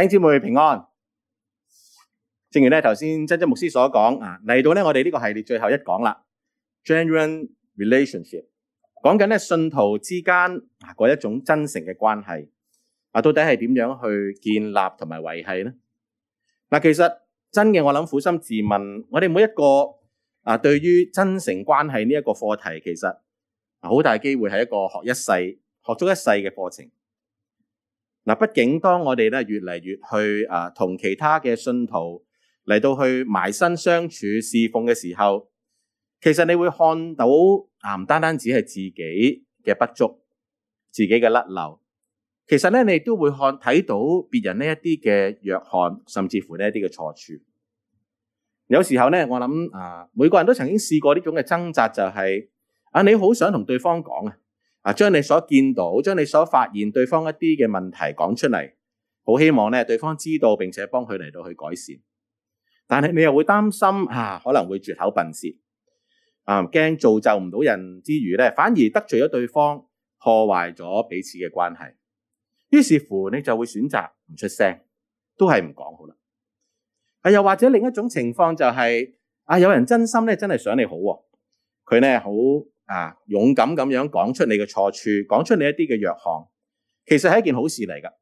弟兄姊妹平安。正如咧頭先真真牧師所講啊，嚟到咧我哋呢個系列最後一講啦。Genuine relationship 講緊咧信徒之間嗰一種真誠嘅關係啊，到底係點樣去建立同埋維繫咧？嗱，其實真嘅我諗，苦心自問，我哋每一個啊，對於真誠關係呢一個課題，其實好大機會係一個學一世、學足一世嘅課程。嗱，畢竟當我哋越嚟越去啊，同其他嘅信徒嚟到去埋身相處侍奉嘅時候，其實你會看到啊，唔單單只係自己嘅不足、自己嘅甩漏，其實咧你都會看睇到別人呢一啲嘅弱項，甚至乎呢一啲嘅錯處。有時候咧，我諗啊，每個人都曾經試過呢種嘅掙扎，就係啊，你好想同對方講啊。啊！將你所見到，將你所發現對方一啲嘅問題講出嚟，好希望咧，對方知道並且幫佢嚟到去改善。但係你又會擔心啊，可能會拙口笨舌啊，驚造就唔到人之餘咧，反而得罪咗對方，破壞咗彼此嘅關係。於是乎，你就會選擇唔出聲，都係唔講好啦。啊，又或者另一種情況就係啊，有人真心咧，真係想你好啊，佢咧好。啊！勇敢咁樣講出你嘅錯處，講出你一啲嘅弱項，其實係一件好事嚟噶。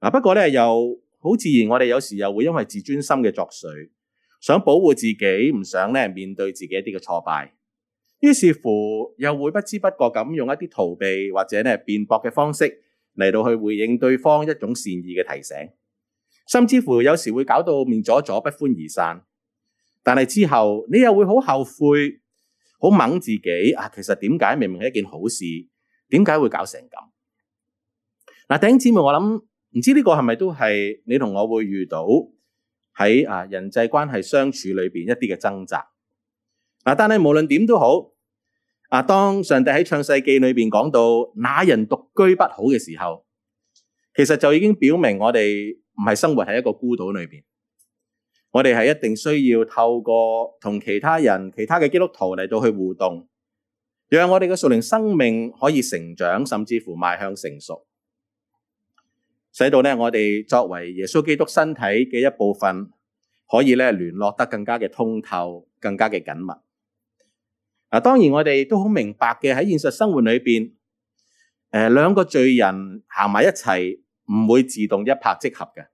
嗱，不過咧又好自然，我哋有時又會因為自尊心嘅作祟，想保護自己，唔想咧面對自己一啲嘅挫敗，於是乎又會不知不覺咁用一啲逃避或者咧辯駁嘅方式嚟到去回應對方一種善意嘅提醒，甚至乎有時會搞到面阻阻，不歡而散。但係之後你又會好後悔。好掹自己啊！其實點解明明係一件好事，點解會搞成咁？嗱、啊，頂姊妹，我諗唔知呢個係咪都係你同我會遇到喺啊人際關係相處裏邊一啲嘅掙扎。嗱、啊，但係無論點都好啊，當上帝喺創世記裏邊講到那人獨居不好嘅時候，其實就已經表明我哋唔係生活喺一個孤島裏邊。我哋係一定需要透過同其他人、其他嘅基督徒嚟到去互動，讓我哋嘅屬靈生命可以成長，甚至乎邁向成熟，使到咧我哋作為耶穌基督身體嘅一部分，可以咧聯絡得更加嘅通透，更加嘅緊密。嗱，當然我哋都好明白嘅，喺現實生活裏邊，誒，兩個罪人行埋一齊唔會自動一拍即合嘅。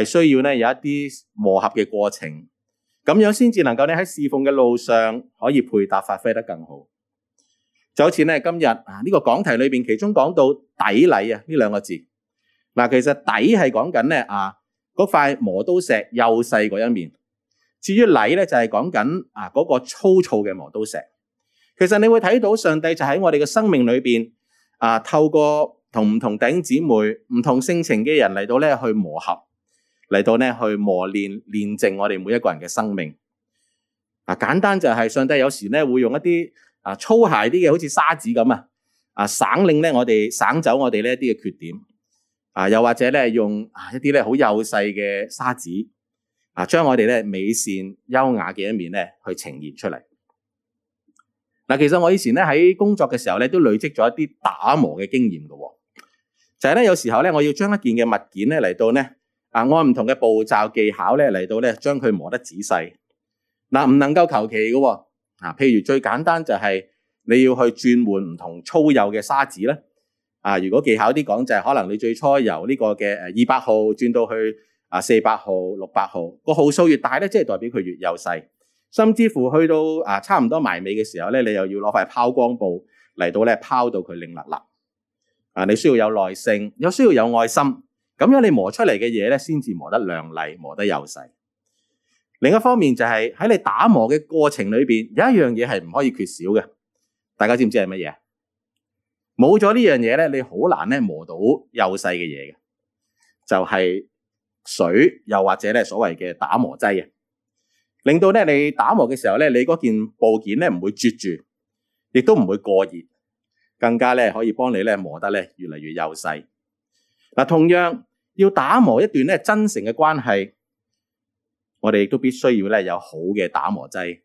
係需要咧有一啲磨合嘅過程，咁樣先至能夠咧喺侍奉嘅路上可以配搭發揮得更好。就好似咧今日啊呢個講題裏邊，其中講到底禮啊呢兩個字嗱、啊，其實底係講緊咧啊嗰塊磨刀石幼細嗰一面，至於禮咧就係講緊啊嗰個粗糙嘅磨刀石。其實你會睇到上帝就喺我哋嘅生命裏邊啊，透過同唔同頂姊妹、唔同性情嘅人嚟到咧去磨合。嚟到咧去磨練練淨我哋每一個人嘅生命。嗱、啊，簡單就係、是、上帝有時咧會用一啲啊粗鞋啲嘅，好似砂紙咁啊啊，省，令咧我哋省走我哋呢一啲嘅缺點啊，又或者咧用啊一啲咧好幼細嘅砂紙啊，將我哋咧美善優雅嘅一面咧去呈現出嚟。嗱、啊，其實我以前咧喺工作嘅時候咧都累積咗一啲打磨嘅經驗㗎、哦，就係、是、咧有時候咧我要將一件嘅物件咧嚟到咧。啊，按唔同嘅步驟技巧咧嚟到咧，將佢磨得仔細。嗱、啊，唔能夠求其嘅喎。啊，譬如最簡單就係你要去轉換唔同粗幼嘅砂紙咧。啊，如果技巧啲講就係可能你最初由呢個嘅誒二百號轉到去啊四百號、六百號，個號數越大咧，即係代表佢越幼細。甚至乎去到啊差唔多埋尾嘅時候咧，你又要攞塊拋光布嚟到咧拋到佢擰立立。啊，你需要有耐性，又需要有愛心。咁樣你磨出嚟嘅嘢咧，先至磨得亮麗、磨得幼細。另一方面就係喺你打磨嘅過程裏邊，有一樣嘢係唔可以缺少嘅。大家知唔知係乜嘢？冇咗呢樣嘢咧，你好難咧磨到幼細嘅嘢嘅。就係水，又或者咧所謂嘅打磨劑嘅，令到咧你打磨嘅時候咧，你嗰件部件咧唔會啜住，亦都唔會過熱，更加咧可以幫你咧磨得咧越嚟越幼細。嗱，同樣。要打磨一段咧真誠嘅關係，我哋亦都必須要咧有好嘅打磨劑，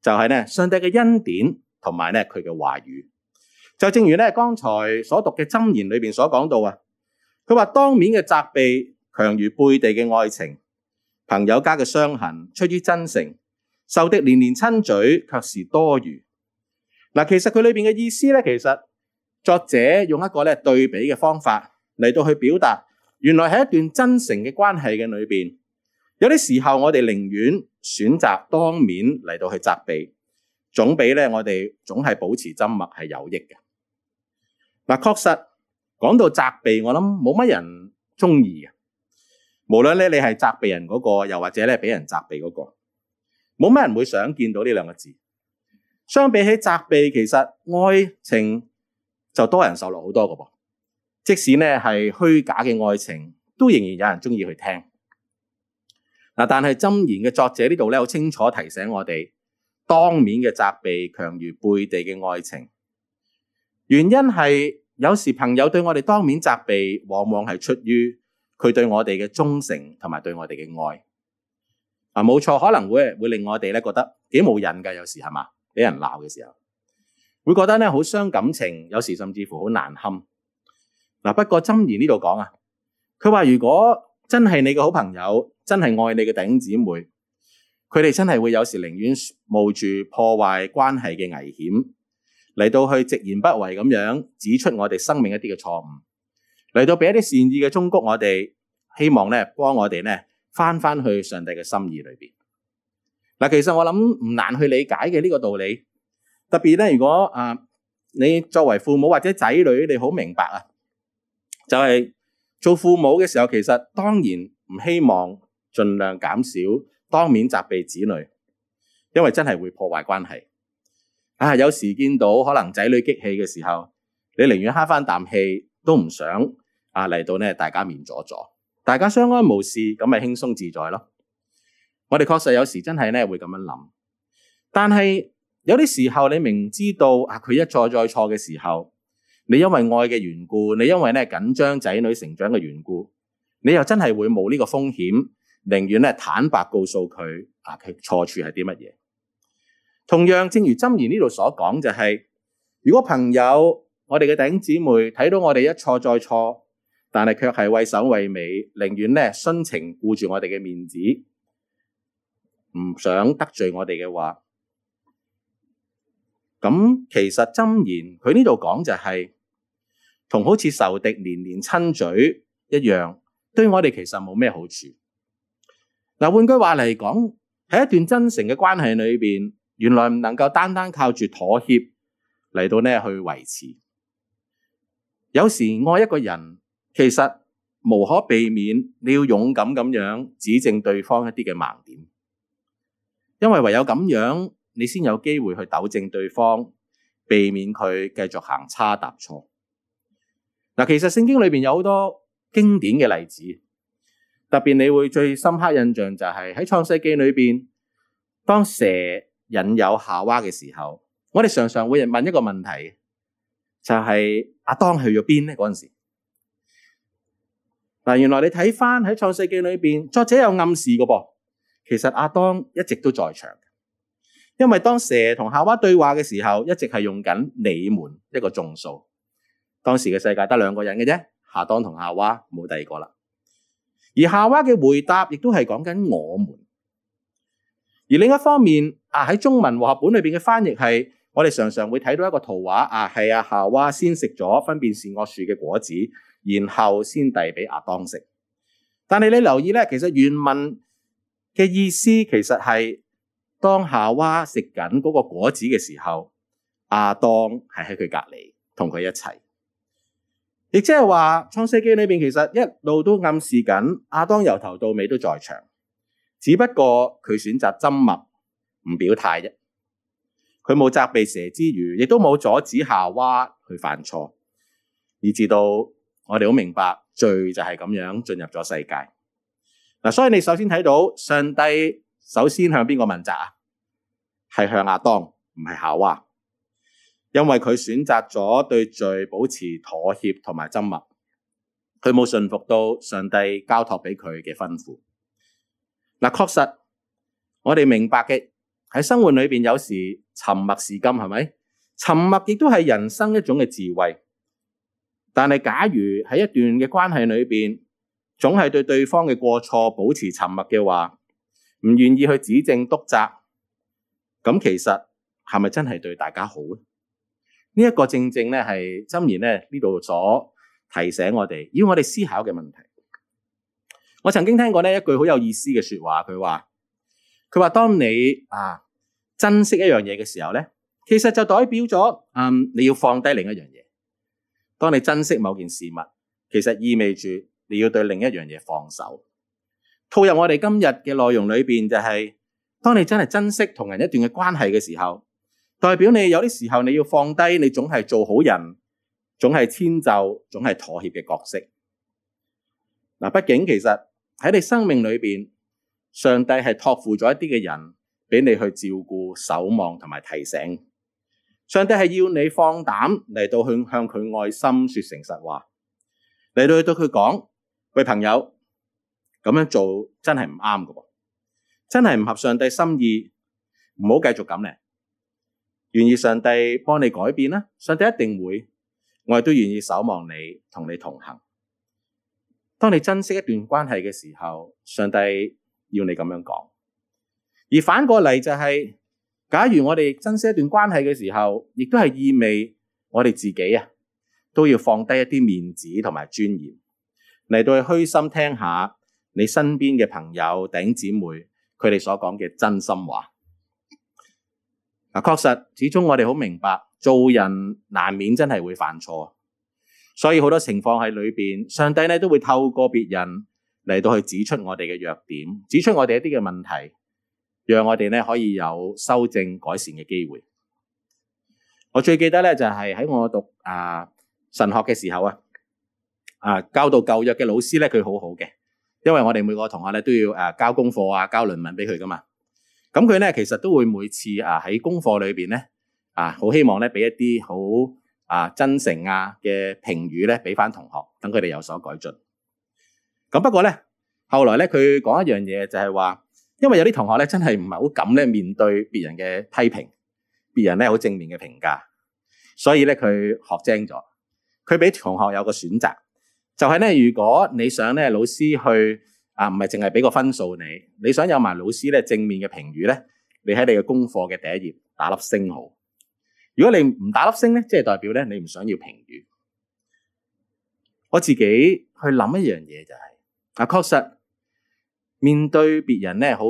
就係、是、咧上帝嘅恩典同埋咧佢嘅話語。就正如咧剛才所讀嘅箴言裏邊所講到啊，佢話當面嘅責備強於背地嘅愛情，朋友家嘅傷痕出於真誠，仇敵連連親嘴卻是多餘。嗱，其實佢裏邊嘅意思咧，其實作者用一個咧對比嘅方法嚟到去表達。原來喺一段真誠嘅關係嘅裏邊，有啲時候我哋寧願選擇當面嚟到去責備，總比咧我哋總係保持沉默係有益嘅。嗱，確實講到責備，我諗冇乜人中意嘅。無論咧你係責備人嗰個，又或者你俾人責備嗰個，冇乜人會想見到呢兩個字。相比起責備，其實愛情就多人受落好多嘅噃。即使咧係虛假嘅愛情，都仍然有人中意去聽嗱。但係箴言嘅作者呢度咧，好清楚提醒我哋，當面嘅責備強於背地嘅愛情。原因係有時朋友對我哋當面責備，往往係出於佢對我哋嘅忠誠同埋對我哋嘅愛啊。冇錯，可能會會令我哋咧覺得幾冇癮噶。有時係嘛，俾人鬧嘅時候，會覺得咧好傷感情，有時甚至乎好難堪。嗱，不過箴言呢度講啊，佢話如果真係你個好朋友，真係愛你嘅頂姊妹，佢哋真係會有時寧願冒住破壞關係嘅危險，嚟到去直言不諱咁樣指出我哋生命一啲嘅錯誤，嚟到俾一啲善意嘅忠告我，我哋希望咧，幫我哋咧翻翻去上帝嘅心意裏邊。嗱，其實我諗唔難去理解嘅呢個道理，特別咧，如果啊你作為父母或者仔女，你好明白啊。就係、是、做父母嘅時候，其實當然唔希望盡量減少當面責備子女，因為真係會破壞關係。啊，有時見到可能仔女激氣嘅時候，你寧願吸返啖氣都唔想啊嚟到咧，大家面阻阻，大家相安無事，咁咪輕鬆自在咯。我哋確實有時真係咧會咁樣諗，但係有啲時候你明知道啊，佢一錯再錯嘅時候。你因為愛嘅緣故，你因為咧緊張仔女成長嘅緣故，你又真係會冇呢個風險，寧願咧坦白告訴佢啊，佢錯處係啲乜嘢？同樣，正如箴言呢度所講，就係，就係如果朋友我哋嘅頂姊妹睇到我哋一錯再錯，但係卻係畏首畏尾，寧願咧徇情顧住我哋嘅面子，唔想得罪我哋嘅話，咁其實箴言佢呢度講就係，係。同好似仇敵連連親嘴一樣，對我哋其實冇咩好處。嗱，換句話嚟講，喺一段真誠嘅關係裏邊，原來唔能夠單單靠住妥協嚟到呢去維持。有時愛一個人，其實無可避免，你要勇敢咁樣指正對方一啲嘅盲點，因為唯有咁樣，你先有機會去糾正對方，避免佢繼續行差踏錯。嗱，其實聖經裏邊有好多經典嘅例子，特別你會最深刻印象就係喺創世記裏邊，當蛇引誘夏娃嘅時候，我哋常常會問一個問題，就係阿當去咗邊咧？嗰陣時，嗱，原來你睇返喺創世記裏邊，作者有暗示嘅噃，其實阿當一直都在場，因為當蛇同夏娃對話嘅時候，一直係用緊你們一個眾數。當時嘅世界得兩個人嘅啫，亞當同夏娃冇第二個啦。而夏娃嘅回答亦都係講緊我們。而另一方面啊，喺中文和合本裏邊嘅翻譯係，我哋常常會睇到一個圖畫啊，係阿、啊、夏娃先食咗分辨善惡樹嘅果子，然後先遞俾阿當食。但係你留意咧，其實原文嘅意思其實係，當夏娃食緊嗰個果子嘅時候，阿當係喺佢隔離同佢一齊。亦即係話，《創世紀》裏邊其實一路都暗示緊，阿當由頭到尾都在場，只不過佢選擇緘默，唔表態啫。佢冇責備蛇之餘，亦都冇阻止夏娃去犯錯，以至到我哋好明白，罪就係咁樣進入咗世界。嗱，所以你首先睇到上帝首先向邊個問責啊？係向阿當，唔係夏娃。因為佢選擇咗對罪保持妥協同埋沉默，佢冇順服到上帝交託俾佢嘅吩咐。嗱，確實我哋明白嘅喺生活裏邊，有時沉默是金，係咪？沉默亦都係人生一種嘅智慧。但係假如喺一段嘅關係裏邊，總係對對方嘅過錯保持沉默嘅話，唔願意去指正督責，咁其實係咪真係對大家好咧？呢一個正正咧係箴言咧呢度所提醒我哋，要我哋思考嘅問題。我曾經聽過咧一句好有意思嘅説話，佢話：佢話當你啊珍惜一樣嘢嘅時候咧，其實就代表咗嗯你要放低另一樣嘢。當你珍惜某件事物，其實意味住你要對另一樣嘢放手。套入我哋今日嘅內容裏邊、就是，就係當你真係珍惜同人一段嘅關係嘅時候。代表你有啲時候你要放低，你總係做好人，總係遷就，總係妥協嘅角色。嗱，畢竟其實喺你生命裏邊，上帝係託付咗一啲嘅人俾你去照顧、守望同埋提醒。上帝係要你放膽嚟到去向佢愛心說誠實話，嚟到去對佢講，喂，朋友，咁樣做真係唔啱㗎，真係唔合上帝心意，唔好繼續咁咧。願意上帝幫你改變啦，上帝一定會，我亦都願意守望你，同你同行。當你珍惜一段關係嘅時候，上帝要你咁樣講。而反過嚟就係，假如我哋珍惜一段關係嘅時候，亦都係意味我哋自己啊，都要放低一啲面子同埋尊嚴，嚟到去虛心聽下你身邊嘅朋友、弟姐妹佢哋所講嘅真心話。啊，確實始終我哋好明白，做人難免真係會犯錯，所以好多情況喺裏邊，上帝咧都會透過別人嚟到去指出我哋嘅弱點，指出我哋一啲嘅問題，讓我哋咧可以有修正改善嘅機會。我最記得咧就係、是、喺我讀啊、呃、神學嘅時候啊，啊教導舊約嘅老師咧佢好好嘅，因為我哋每個同學咧都要誒、呃、交功課啊、交論文俾佢噶嘛。咁佢咧其實都會每次啊喺功課裏邊咧啊，好希望咧俾一啲好啊真誠啊嘅評語咧俾翻同學，等佢哋有所改進。咁不過咧，後來咧佢講一樣嘢就係話，因為有啲同學咧真係唔係好敢咧面對別人嘅批評，別人咧好正面嘅評價，所以咧佢學精咗。佢俾同學有個選擇，就係咧如果你想咧老師去。啊，唔係淨係畀個分數你，你想有埋老師咧正面嘅評語咧，你喺你嘅功課嘅第一頁打粒星號。如果你唔打粒星咧，即係代表咧你唔想要評語。我自己去諗一樣嘢就係、是，啊確實面對別人咧好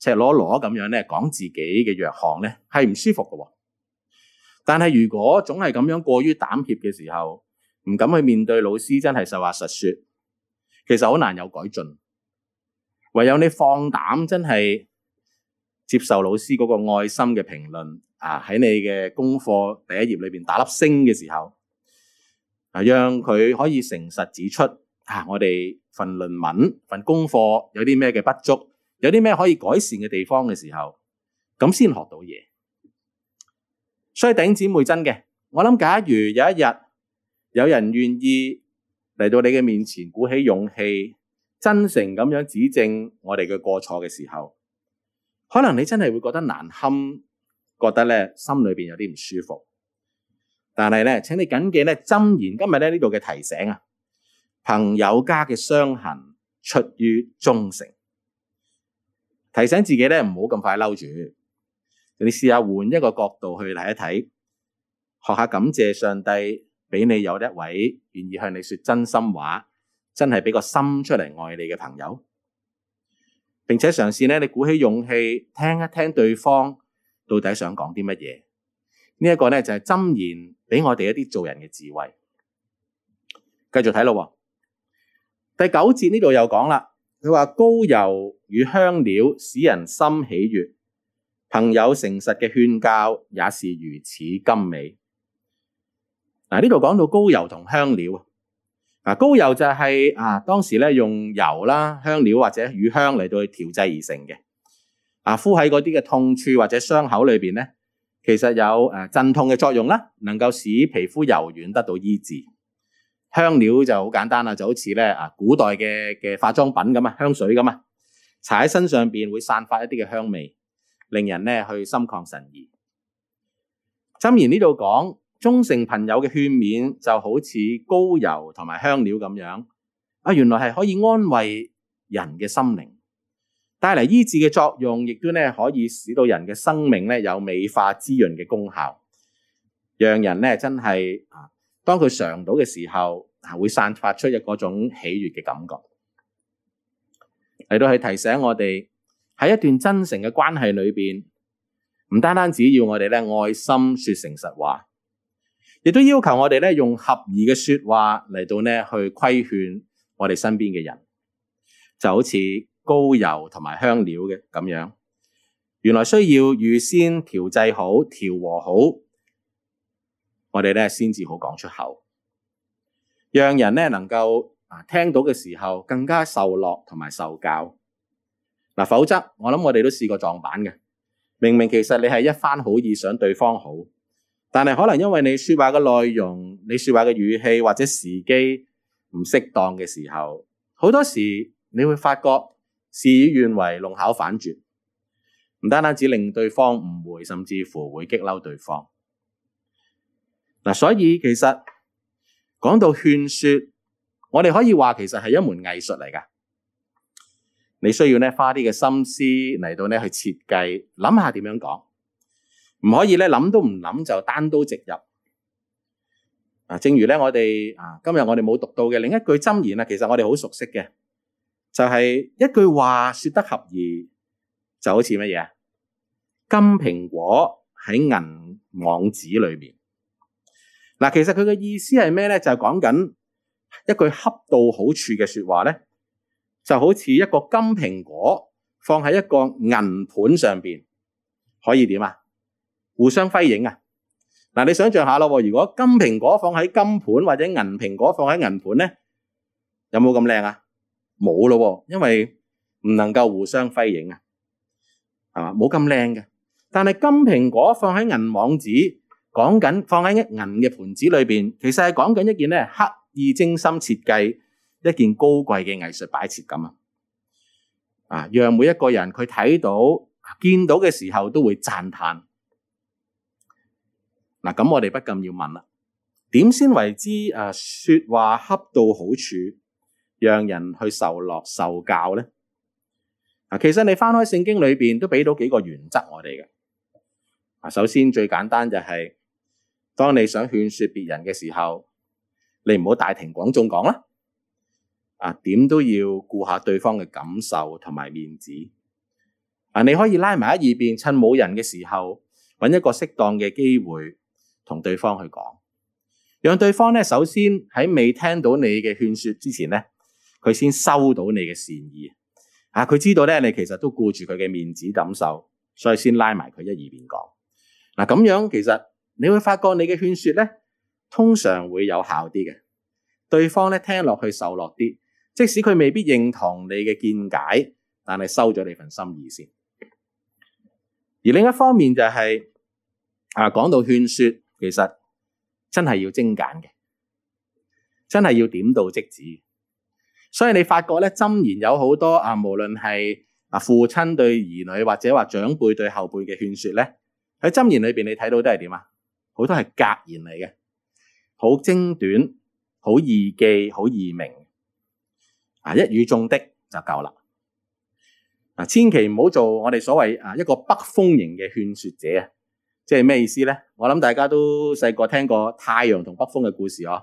赤裸裸咁樣咧講自己嘅弱項咧係唔舒服嘅喎、哦。但係如果總係咁樣過於膽怯嘅時候，唔敢去面對老師，真係實話實説，其實好難有改進。唯有你放膽，真係接受老師嗰個愛心嘅評論啊！喺你嘅功課第一頁裏邊打粒星嘅時候，嗱，讓佢可以誠實指出啊，我哋份論文份功課有啲咩嘅不足，有啲咩可以改善嘅地方嘅時候，咁先學到嘢。所以頂姊妹真嘅，我諗假如有一日有人願意嚟到你嘅面前，鼓起勇氣。真誠咁樣指正我哋嘅過錯嘅時候，可能你真係會覺得難堪，覺得咧心裏邊有啲唔舒服。但係咧，請你謹記咧箴言今呢，今日咧呢度嘅提醒啊，朋友家嘅傷痕出於忠誠，提醒自己咧唔好咁快嬲住，你試下換一個角度去睇一睇，學下感謝上帝俾你有一位願意向你說真心話。真係俾個心出嚟愛你嘅朋友，並且嘗試咧，你鼓起勇氣聽一聽對方到底想講啲乜嘢。呢、這、一個呢，就係箴言，俾我哋一啲做人嘅智慧。繼續睇咯，第九節呢度又講啦，佢話膏油與香料使人心喜悅，朋友誠實嘅勸教也是如此甘美。嗱，呢度講到膏油同香料啊。嗱、啊，膏油就係、是、啊，當時咧用油啦、香料或者乳香嚟到去調製而成嘅。啊，敷喺嗰啲嘅痛處或者傷口裏邊咧，其實有誒鎮、啊、痛嘅作用啦，能夠使皮膚柔軟得到醫治。香料就好簡單啦，就好似咧啊，古代嘅嘅化妝品咁啊，香水咁啊，搽喺身上邊會散發一啲嘅香味，令人咧去心曠神怡。箴言呢度講。忠誠朋友嘅勸勉就好似膏油同埋香料咁樣，啊，原來係可以安慰人嘅心靈，帶嚟醫治嘅作用，亦都咧可以使到人嘅生命咧有美化滋潤嘅功效，讓人咧真係啊，當佢嘗到嘅時候啊，會散發出一嗰種喜悅嘅感覺。嚟到係提醒我哋喺一段真誠嘅關係裏邊，唔單單只要我哋咧愛心、説誠實話。亦都要求我哋咧用合宜嘅說話嚟到咧去規勸我哋身邊嘅人，就好似膏油同埋香料嘅咁樣，原來需要預先調製好，調和好，我哋咧先至好講出口，讓人咧能夠啊聽到嘅時候更加受落同埋受教。嗱，否則我諗我哋都試過撞板嘅，明明其實你係一番好意，想對方好。但係可能因為你說話嘅內容、你說話嘅語氣或者時機唔適當嘅時候，好多時你會發覺事與願違、弄巧反拙，唔單單只令對方誤會，甚至乎會激嬲對方。嗱、啊，所以其實講到勸說，我哋可以話其實係一門藝術嚟㗎，你需要咧花啲嘅心思嚟到咧去設計，諗下點樣講。唔可以咧，諗都唔諗就單刀直入啊！正如咧，我哋啊今日我哋冇讀到嘅另一句箴言啊，其實我哋好熟悉嘅就係、是、一句話說得合宜，就好似乜嘢金蘋果喺銀網子裏面嗱。其實佢嘅意思係咩咧？就係講緊一句恰到好處嘅說話咧，就好似一個金蘋果放喺一個銀盤上邊，可以點啊？互相輝映啊！嗱，你想象下咯，如果金蘋果放喺金盤或者銀蘋果放喺銀盤咧，有冇咁靚啊？冇咯喎，因為唔能夠互相輝映啊，係嘛？冇咁靚嘅。但係金蘋果放喺銀網子，講緊放喺一銀嘅盤子裏邊，其實係講緊一件咧刻意精心設計一件高貴嘅藝術擺設咁啊！啊，讓每一個人佢睇到見到嘅時候都會讚歎。嗱，咁我哋不禁要問啦，點先為之誒、啊、說話恰到好處，讓人去受樂受教咧？嗱、啊，其實你翻開聖經裏邊都俾到幾個原則我哋嘅。啊，首先最簡單就係，當你想勸說別人嘅時候，你唔好大庭廣眾講啦。啊，點都要顧下對方嘅感受同埋面子。啊，你可以拉埋喺耳邊，趁冇人嘅時候，揾一個適當嘅機會同對方去講，讓對方咧首先喺未聽到你嘅勸説之前咧，佢先收到你嘅善意啊！佢知道咧你其實都顧住佢嘅面子感受，所以先拉埋佢一二邊講嗱。咁樣其實你會發覺你嘅勸説咧，通常會有效啲嘅。對方咧聽落去受落啲，即使佢未必認同你嘅見解，但係收咗你份心意先。而另一方面就係啊，講到勸説。其實真係要精簡嘅，真係要點到即止。所以你發覺咧，箴言，有好多啊，無論係啊父親對兒女或者話長輩對後輩嘅勸說咧，喺箴言裏邊你睇到都係點啊？好多係格言嚟嘅，好精短，好易記，好易明。啊，一語中的就夠啦。啊，千祈唔好做我哋所謂啊一個北風型嘅勸說者啊，即係咩意思咧？我諗大家都細個聽過太陽同北風嘅故事哦，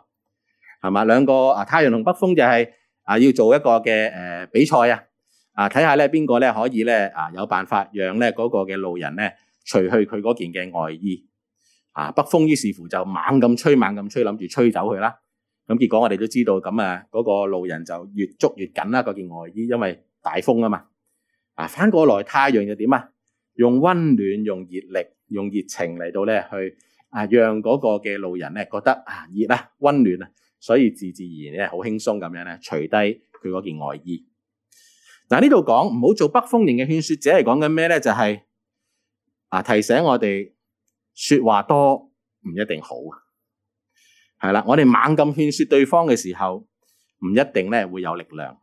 係嘛？兩個啊太陽同北風就係啊要做一個嘅誒、呃、比賽啊，啊睇下咧邊個咧可以咧啊有辦法讓咧嗰個嘅路人咧除去佢嗰件嘅外衣啊，北風於是乎就猛咁吹，猛咁吹，諗住吹走佢啦，咁、啊、結果我哋都知道咁啊嗰個路人就越捉越緊啦嗰件外衣，因為大風嘛啊嘛啊反過來太陽又點啊？用溫暖、用熱力、用熱情嚟到咧，去啊，讓嗰個嘅路人咧覺得啊熱啊、溫暖啊，所以自自然然咧好輕鬆咁樣咧，除低佢嗰件外衣。嗱呢度講唔好做北風型嘅勸説者。係講緊咩咧？就係啊，提醒我哋説話多唔一定好。係啦，我哋猛咁勸説對方嘅時候，唔一定咧會有力量。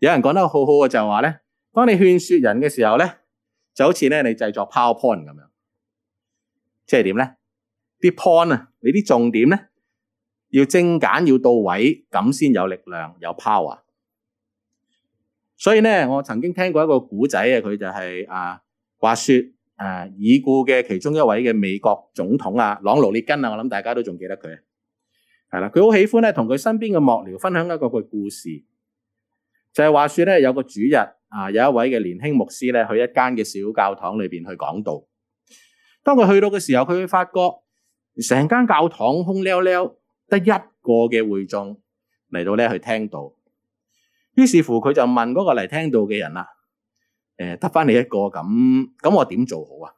有人講得好好嘅就話咧，當你勸説人嘅時候咧。就好似咧，你製作 PowerPoint 咁樣，即係點咧？啲 point 啊，你啲重點咧要精簡，要到位，咁先有力量，有 power。所以咧，我曾經聽過一個古仔啊，佢就係、是、啊，話説啊，已故嘅其中一位嘅美國總統啊，朗奴列根啊，我諗大家都仲記得佢。係啦，佢好喜歡咧，同佢身邊嘅幕僚分享一個個故事，就係、是、話説咧，有個主日。啊，有一位嘅年輕牧師咧，去一間嘅小教堂裏邊去講道。當佢去到嘅時候，佢會發覺成間教堂空溜溜，得一個嘅會眾嚟到咧去聽道。於是乎佢就問嗰個嚟聽道嘅人啦：誒、呃，得返你一個咁，咁我點做好啊？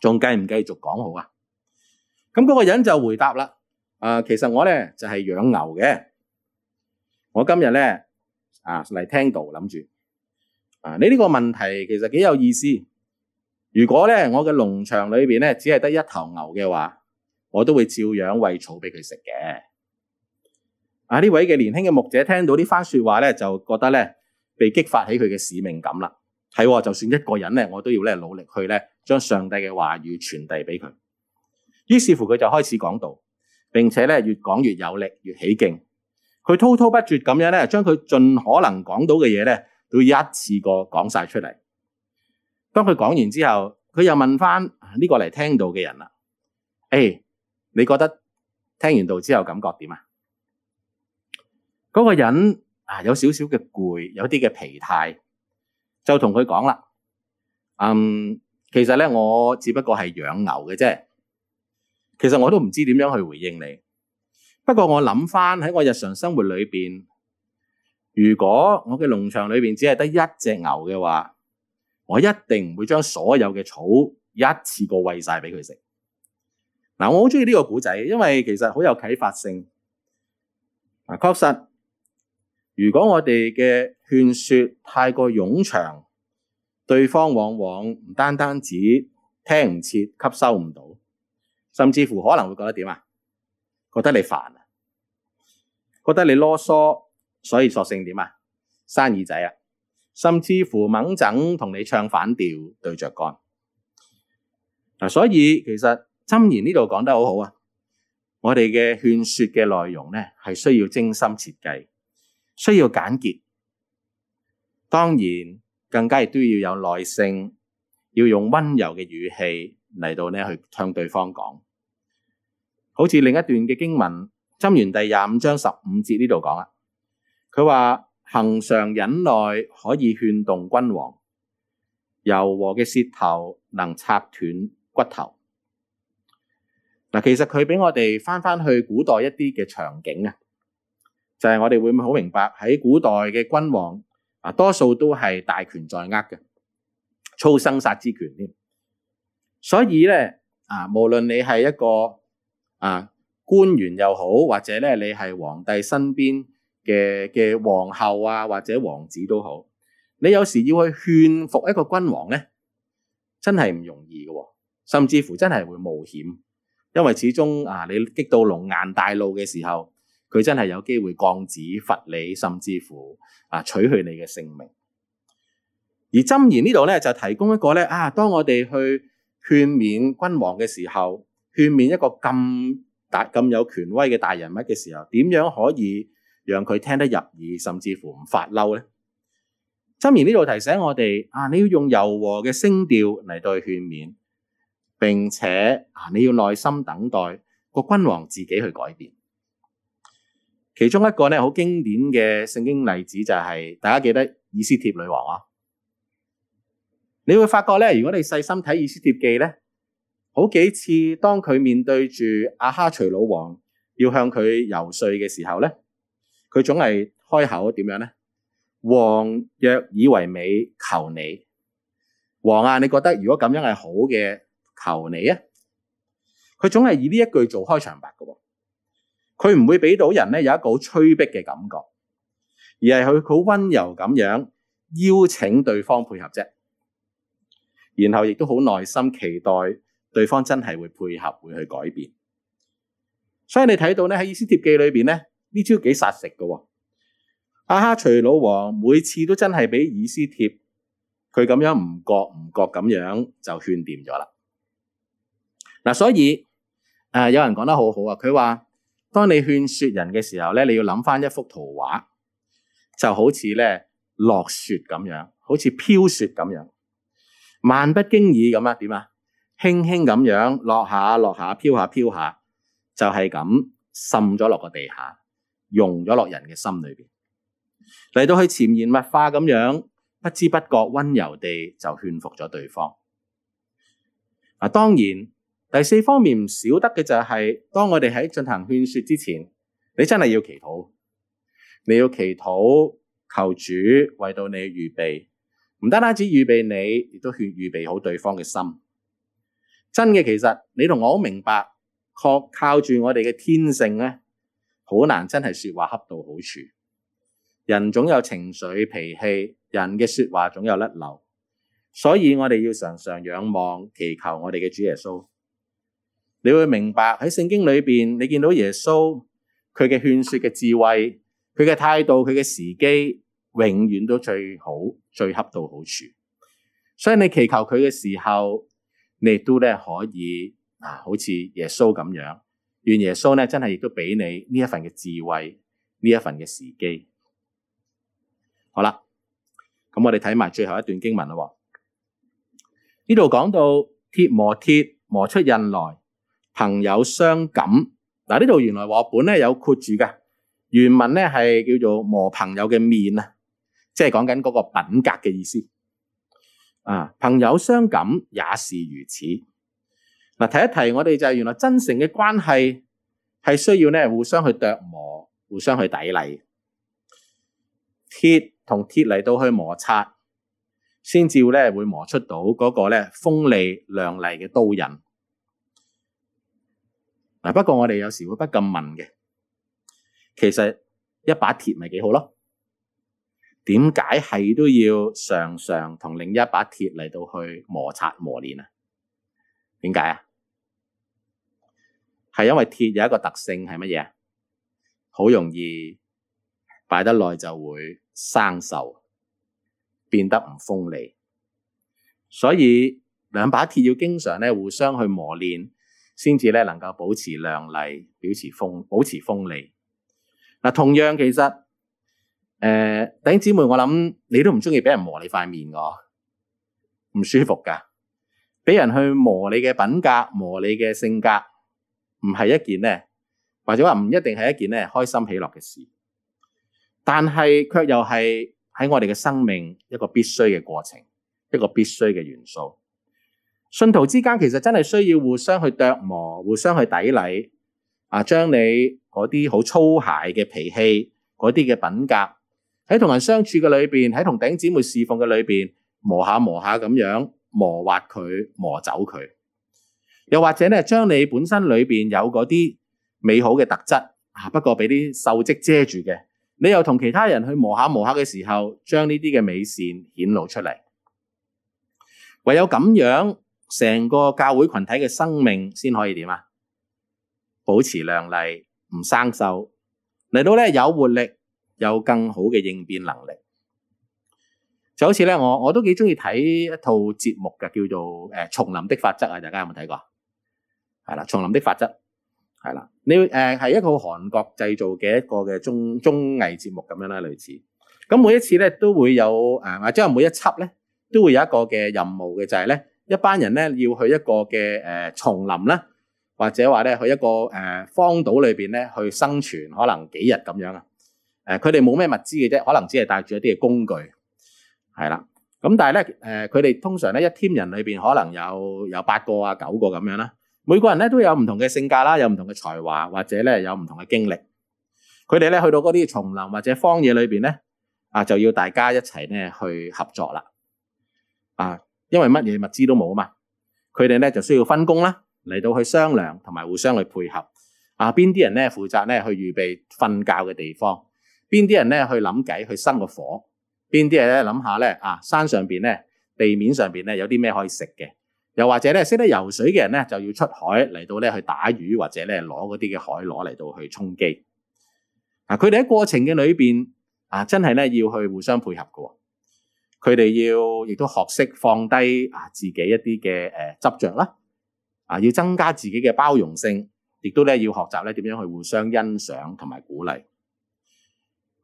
仲繼唔繼續講好啊？咁嗰個人就回答啦：啊、呃，其實我咧就係、是、養牛嘅，我今日咧啊嚟聽道諗住。啊！你呢個問題其實幾有意思。如果咧我嘅農場裏邊咧只係得一頭牛嘅話，我都會照樣餵草俾佢食嘅。啊！呢位嘅年輕嘅牧者聽到番話呢番説話咧，就覺得咧被激發起佢嘅使命感啦。係、啊，就算一個人咧，我都要咧努力去咧將上帝嘅話語傳遞俾佢。於是乎佢就開始講道，並且咧越講越有力，越起勁。佢滔滔不絕咁樣咧，將佢盡可能講到嘅嘢咧。都一次過講晒出嚟。當佢講完之後，佢又問翻呢個嚟聽到嘅人啦：誒，你覺得聽完到之後感覺點啊？嗰個人啊，有少少嘅攰，有啲嘅疲態，就同佢講啦。嗯，其實咧，我只不過係養牛嘅啫。其實我都唔知點樣去回應你。不過我諗翻喺我日常生活裏邊。如果我嘅農場裏邊只係得一隻牛嘅話，我一定唔會將所有嘅草一次過喂晒俾佢食。嗱、呃，我好中意呢個古仔，因為其實好有啟發性。嗱、呃，確實，如果我哋嘅勸說太過冗長，對方往往唔單單止聽唔切、吸收唔到，甚至乎可能會覺得點啊？覺得你煩啊？覺得你囉嗦？所以索性點啊，生耳仔啊，甚至乎猛整同你唱反調，對着幹啊！所以其實《箴言》呢度講得好好啊，我哋嘅勸説嘅內容咧，係需要精心設計，需要簡潔，當然更加亦都要有耐性，要用溫柔嘅語氣嚟到呢去向對方講。好似另一段嘅經文，啊《箴言》第廿五章十五節呢度講啦。佢話：恒常忍耐可以勸動君王，柔和嘅舌頭能拆斷骨頭。嗱，其實佢俾我哋翻翻去古代一啲嘅場景啊，就係我哋會唔會好明白喺古代嘅君王啊，多數都係大權在握嘅，操生殺之權添。所以咧，啊，無論你係一個啊官員又好，或者咧你係皇帝身邊。嘅嘅皇后啊，或者王子都好，你有時要去勸服一個君王呢，真係唔容易嘅，甚至乎真係會冒險，因為始終啊，你激到龍顏大怒嘅時候，佢真係有機會降旨罰你，甚至乎啊取去你嘅性命。而箴言呢度呢，就提供一個呢啊，當我哋去勸勉君王嘅時候，勸勉一個咁大咁有權威嘅大人物嘅時候，點樣可以？讓佢聽得入耳，甚至乎唔發嬲咧。箴言呢度提醒我哋啊，你要用柔和嘅聲調嚟對勸勉，並且啊，你要耐心等待個君王自己去改變。其中一個咧好經典嘅聖經例子就係大家記得以斯帖女王啊。你會發覺咧，如果你細心睇《以斯帖記》咧，好幾次當佢面對住阿哈隨魯王要向佢遊說嘅時候咧。佢總係開口點樣咧？王若以為美，求你，王啊，你覺得如果咁樣係好嘅，求你啊！佢總係以呢一句做開場白嘅。哦，佢唔會俾到人咧有一個好催逼嘅感覺，而係佢好溫柔咁樣邀請對方配合啫，然後亦都好耐心期待對方真係會配合，會去改變。所以你睇到咧喺《以斯帖記》裏邊咧。呢招幾殺食嘅喎、哦，阿、啊、哈徐老王每次都真係俾意思貼，佢咁樣唔覺唔覺咁樣就勸掂咗啦。嗱、啊，所以誒、呃、有人講得好好啊，佢話：當你勸説人嘅時候咧，你要諗返一幅圖畫，就好似咧落雪咁樣，好似飄雪咁樣，漫不經意咁啊，點啊，輕輕咁樣落下落下，飄下飄下，下，就係、是、咁滲咗落個地下。融咗落人嘅心裏邊，嚟到去潛移默化咁樣，不知不覺溫柔地就勸服咗對方。嗱，當然第四方面唔少得嘅就係，當我哋喺進行勸說之前，你真係要祈禱，你要祈禱求主為到你預備，唔單單只預備你，亦都勸預備好對方嘅心。真嘅，其實你同我好明白，確靠住我哋嘅天性咧。好難真係說話恰到好處，人總有情緒脾氣，人嘅說話總有甩漏，所以我哋要常常仰望祈求我哋嘅主耶穌，你會明白喺聖經裏邊，你見到耶穌佢嘅勸說嘅智慧，佢嘅態度，佢嘅時機，永遠都最好最恰到好處，所以你祈求佢嘅時候，你都咧可以嗱、啊，好似耶穌咁樣。願耶穌咧真係亦都畀你呢一份嘅智慧，呢一份嘅時機。好啦，咁我哋睇埋最後一段經文啦。呢度講到鐵磨鐵磨出刃來，朋友相感。嗱，呢度原來我本咧有括住嘅原文咧係叫做磨朋友嘅面啊，即係講緊嗰個品格嘅意思。啊，朋友相感也是如此。嗱，提一提我哋就係原來真誠嘅關係係需要咧互相去琢磨，互相去砥礪，鐵同鐵嚟到去摩擦，先至會咧會磨出到嗰個咧鋒利亮麗嘅刀刃。嗱，不過我哋有時會不禁問嘅，其實一把鐵咪幾好咯？點解係都要常常同另一把鐵嚟到去摩擦磨練啊？點解啊？係因為鐵有一個特性係乜嘢？好容易擺得耐就會生鏽，變得唔鋒利。所以兩把鐵要經常咧互相去磨練，先至咧能夠保持亮麗、保持鋒、保持鋒利。嗱、啊，同樣其實誒弟兄、呃、姊妹，我諗你都唔中意俾人磨你塊面㗎，唔舒服㗎。俾人去磨你嘅品格，磨你嘅性格。唔係一件咧，或者話唔一定係一件咧開心喜樂嘅事，但係卻又係喺我哋嘅生命一個必須嘅過程，一個必須嘅元素。信徒之間其實真係需要互相去琢磨，互相去砥礪啊，將你嗰啲好粗械嘅脾氣，嗰啲嘅品格，喺同人相處嘅裏邊，喺同頂姊妹侍奉嘅裏邊磨下磨下咁樣磨滑佢，磨走佢。又或者咧，將你本身裏邊有嗰啲美好嘅特質啊，不過俾啲鏽迹遮住嘅，你又同其他人去磨下磨下嘅時候，將呢啲嘅美善顯露出嚟。唯有咁樣，成個教會群體嘅生命先可以點啊？保持亮麗，唔生鏽，嚟到咧有活力，有更好嘅應變能力。就好似咧，我我都幾中意睇一套節目嘅，叫做《誒叢林的法則》啊，大家有冇睇過？係啦，《叢林的法則》係啦，你誒係一套韓國製造嘅一個嘅綜綜藝節目咁樣啦，類似咁每一次咧都會有誒或者係每一輯咧都會有一個嘅任務嘅，就係咧一班人咧要去一個嘅誒叢林啦，或者話咧去一個誒荒島裏邊咧去生存，可能幾日咁樣啊。誒佢哋冇咩物資嘅啫，可能只係帶住一啲嘅工具係啦。咁但係咧誒佢哋通常咧一 team 人裏邊可能有有八個啊九個咁樣啦。每個人咧都有唔同嘅性格啦，有唔同嘅才華，或者咧有唔同嘅經歷。佢哋咧去到嗰啲叢林或者荒野裏邊咧，啊就要大家一齊咧去合作啦，啊，因為乜嘢物資都冇啊嘛。佢哋咧就需要分工啦，嚟到去商量同埋互相去配合。啊，邊啲人咧負責咧去預備瞓覺嘅地方，邊啲人咧去諗計去生個火，邊啲人咧諗下咧啊山上邊咧地面上邊咧有啲咩可以食嘅。又或者咧，識得游水嘅人咧，就要出海嚟到咧去打魚，或者咧攞嗰啲嘅海螺嚟到去充飢。嗱、啊，佢哋喺過程嘅裏邊啊，真係咧要去互相配合嘅。佢哋要亦都學識放低啊自己一啲嘅誒執着啦。啊，要增加自己嘅包容性，亦都咧要學習咧點樣去互相欣賞同埋鼓勵。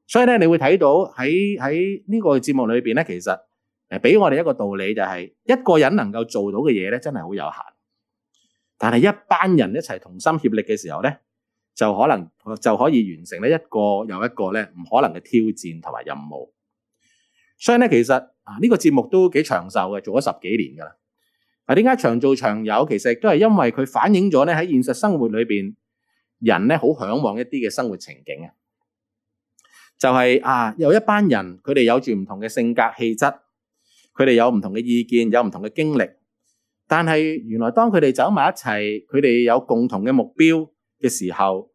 所以咧，你會睇到喺喺呢個節目裏邊咧，其實～俾我哋一個道理，就係一個人能夠做到嘅嘢咧，真係好有限。但係一班人一齊同心協力嘅時候咧，就可能就可以完成咧一個又一個咧唔可能嘅挑戰同埋任務。所以咧，其實呢個節目都幾長壽嘅，做咗十幾年噶啦。嗱，點解長做長有？其實都係因為佢反映咗咧喺現實生活裏邊，人咧好嚮往一啲嘅生活情景啊。就係啊，有一班人佢哋有住唔同嘅性格氣質。佢哋有唔同嘅意見，有唔同嘅經歷，但係原來當佢哋走埋一齊，佢哋有共同嘅目標嘅時候，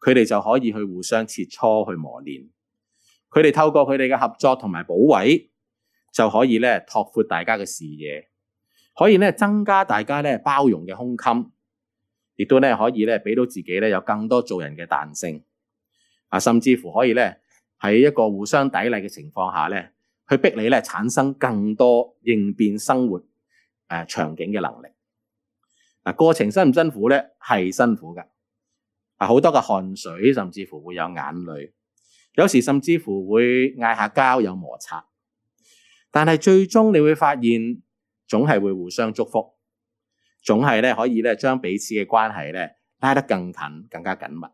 佢哋就可以去互相切磋去磨練。佢哋透過佢哋嘅合作同埋補位，就可以咧拓闊大家嘅視野，可以咧增加大家咧包容嘅胸襟，亦都咧可以咧俾到自己咧有更多做人嘅彈性啊，甚至乎可以咧喺一個互相砥礪嘅情況下咧。去逼你咧，產生更多應變生活誒、啊、場景嘅能力。嗱、啊，過程辛唔辛苦咧？係辛苦噶，係、啊、好多嘅汗水，甚至乎會有眼淚，有時甚至乎會嗌下交，有摩擦。但係最終你會發現，總係會互相祝福，總係咧可以咧將彼此嘅關係咧拉得更近，更加緊密。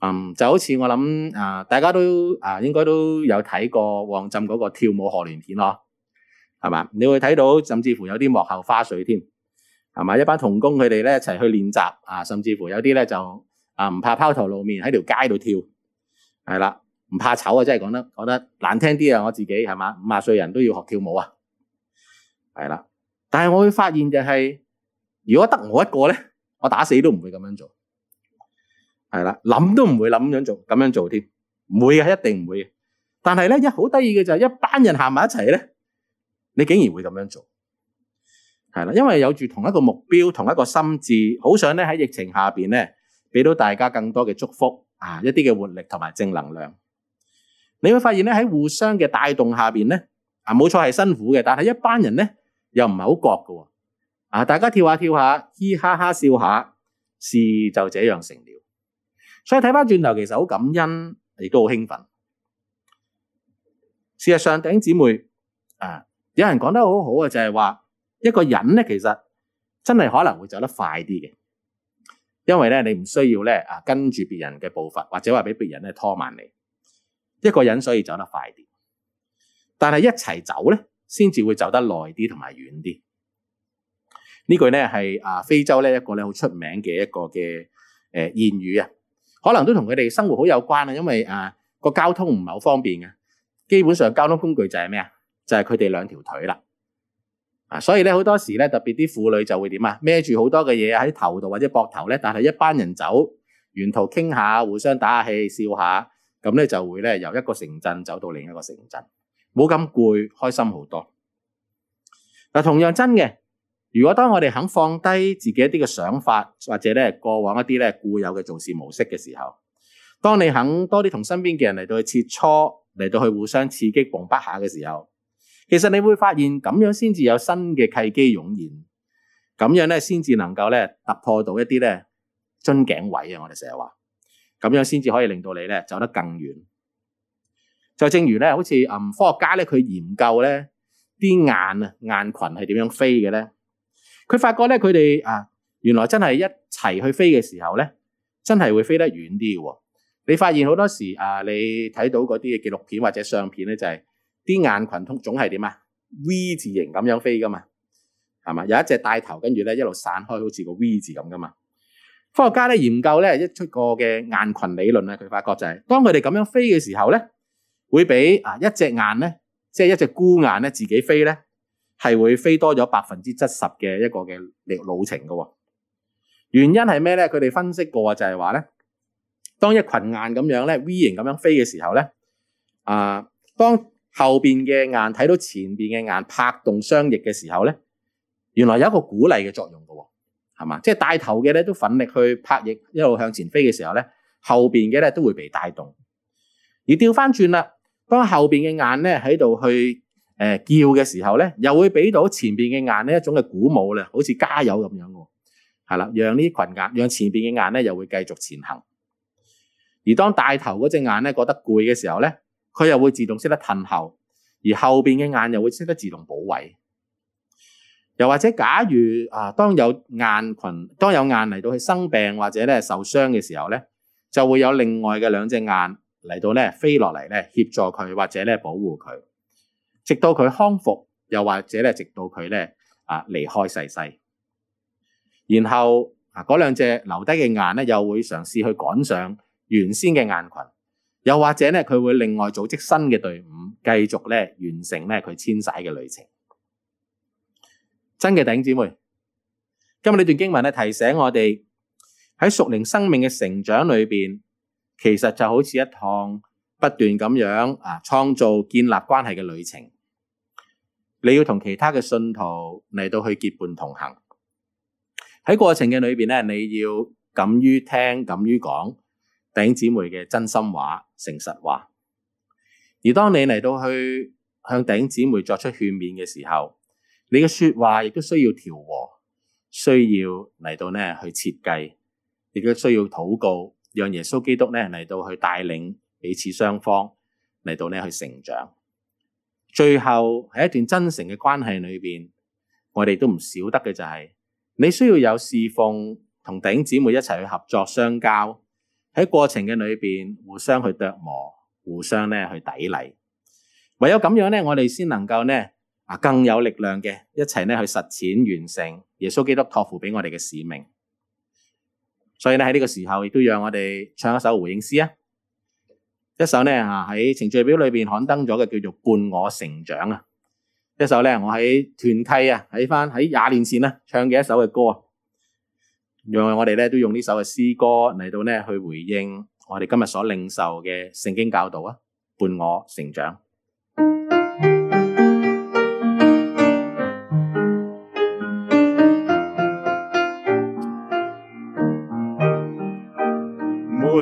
嗯，就好似我諗，啊、呃，大家都啊、呃，應該都有睇過旺浸嗰個跳舞賀年片咯，係嘛？你會睇到甚、呃，甚至乎有啲幕後花絮添，係嘛？一班同工佢哋咧一齊去練習啊，甚至乎有啲咧就啊唔怕拋頭露面喺條街度跳，係啦，唔怕醜啊，即係講得講得難聽啲啊，我自己係嘛？五十歲人都要學跳舞啊，係啦。但係我會發現就係，如果得我一個咧，我打死都唔會咁樣做。係啦，諗都唔會諗咁樣做，咁樣做添，唔會嘅，一定唔會嘅。但係咧，一好得意嘅就係一班人行埋一齊咧，你竟然會咁樣做，係啦，因為有住同一個目標，同一個心智，好想咧喺疫情下邊咧，俾到大家更多嘅祝福啊，一啲嘅活力同埋正能量。你會發現咧喺互相嘅帶動下邊咧，啊，冇錯係辛苦嘅，但係一班人咧又唔係好覺嘅，啊，大家跳下跳下，嘻嘻哈哈笑下，事就這樣成了。所以睇翻轉頭，其實好感恩，亦都好興奮。事實上，弟兄姊妹啊，有人講得好好嘅就係話，一個人咧其實真係可能會走得快啲嘅，因為咧你唔需要咧啊跟住別人嘅步伐，或者話俾別人咧拖慢你。一個人所以走得快啲，但係一齊走咧，先至會走得耐啲同埋遠啲。句呢句咧係啊非洲咧一個咧好出名嘅一個嘅誒諺語啊。可能都同佢哋生活好有關啦，因為啊個、呃、交通唔係好方便嘅，基本上交通工具就係咩啊？就係佢哋兩條腿啦啊！所以咧好多時咧，特別啲婦女就會點啊，孭住好多嘅嘢喺頭度或者膊頭咧，但係一班人走，沿途傾下，互相打下氣，笑下，咁咧就會咧由一個城鎮走到另一個城鎮，冇咁攰，開心好多。嗱、啊，同樣真嘅。如果當我哋肯放低自己一啲嘅想法，或者咧過往一啲咧固有嘅做事模式嘅時候，當你肯多啲同身邊嘅人嚟到去切磋，嚟到去互相刺激，碰撞下嘅時候，其實你會發現咁樣先至有新嘅契機湧現，咁樣咧先至能夠咧突破到一啲咧樽頸位啊！我哋成日話，咁樣先至可以令到你咧走得更遠。就正如咧，好似嗯科學家咧，佢研究咧啲雁啊雁群係點樣飛嘅咧。佢發覺咧，佢哋啊，原來真係一齊去飛嘅時候咧，真係會飛得遠啲嘅喎。你發現好多時啊，你睇到嗰啲紀錄片或者相片咧，就係、是、啲雁群通總係點啊 V 字形咁樣飛噶嘛，係嘛？有一隻帶頭跟呢，跟住咧一路散開，好似個 V 字咁噶嘛。科學家咧研究咧一出過嘅雁群理論咧，佢發覺就係當佢哋咁樣飛嘅時候咧，會比啊一隻雁咧，即、就、係、是、一隻孤雁咧自己飛咧。係會飛多咗百分之七十嘅一個嘅路程噶原因係咩咧？佢哋分析過啊，就係話咧，當一群雁咁樣咧 V 型咁樣飛嘅時候咧，啊、呃，當後邊嘅雁睇到前邊嘅雁拍動雙翼嘅時候咧，原來有一個鼓勵嘅作用噶係嘛？即係帶頭嘅咧都奮力去拍翼，一路向前飛嘅時候咧，後邊嘅咧都會被帶動。而調翻轉啦，當後邊嘅雁咧喺度去。誒叫嘅時候咧，又會俾到前邊嘅雁呢一種嘅鼓舞啦，好似加油咁樣嘅，係啦，讓呢群雁，讓前邊嘅雁咧又會繼續前行。而當帶頭嗰隻雁咧覺得攰嘅時候咧，佢又會自動識得褪後，而後邊嘅雁又會識得自動補位。又或者假如啊，當有雁群，當有雁嚟到去生病或者咧受傷嘅時候咧，就會有另外嘅兩隻雁嚟到咧飛落嚟咧協助佢或者咧保護佢。直到佢康復，又或者咧，直到佢咧啊離開世世，然後啊嗰兩隻留低嘅雁咧，又會嘗試去趕上原先嘅雁群。又或者咧佢會另外組織新嘅隊伍，繼續咧完成咧佢遷徙嘅旅程。真嘅弟兄姊妹，今日呢段經文咧提醒我哋喺屬靈生命嘅成長裏邊，其實就好似一趟不斷咁樣啊創造建立關係嘅旅程。你要同其他嘅信徒嚟到去結伴同行，喺過程嘅裏邊咧，你要敢於聽、敢於講頂姊妹嘅真心話、誠實話。而當你嚟到去向頂姊妹作出勸勉嘅時候，你嘅說話亦都需要調和，需要嚟到咧去設計，亦都需要禱告，讓耶穌基督咧嚟到去帶領彼此雙方嚟到咧去成長。最後喺一段真誠嘅關係裏邊，我哋都唔少得嘅，就係你需要有侍奉同弟兄姊妹一齊去合作相交，喺過程嘅裏邊互相去琢磨，互相咧去砥礪。唯有咁樣咧，我哋先能夠咧啊更有力量嘅一齊咧去實踐完成耶穌基督託付俾我哋嘅使命。所以咧喺呢個時候亦都讓我哋唱一首回應詩啊！一首呢，吓喺程序表裏邊刊登咗嘅叫做《伴我成長》啊，一首呢，我喺團契啊喺翻喺廿年前呢唱嘅一首嘅歌啊，讓我哋咧都用呢首嘅詩歌嚟到咧去回應我哋今日所領受嘅聖經教導啊，《伴我成長》。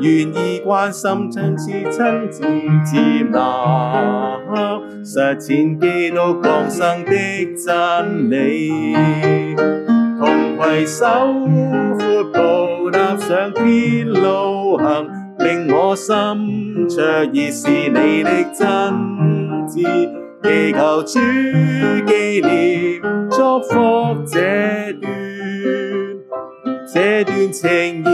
願意關心親切親情接納，實踐基督降生的真理，同攜手闊步踏上天路行，令我心灼熱是你的真摯，祈求主紀念祝福這段，這段情。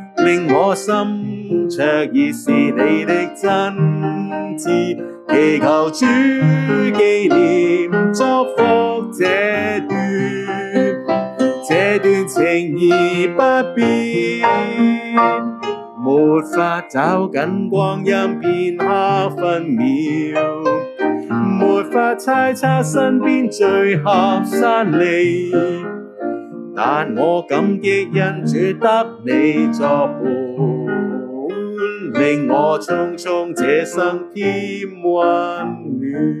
令我心灼熱是你的真摯，祈求主紀念祝福這段，這段情義不變。沒法抓緊光陰片刻分秒，沒法猜測身邊聚合分離。但我感激因主得你作伴，令我匆匆這生添溫暖。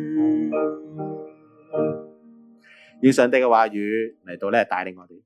以上帝嘅話語嚟到咧帶領我哋。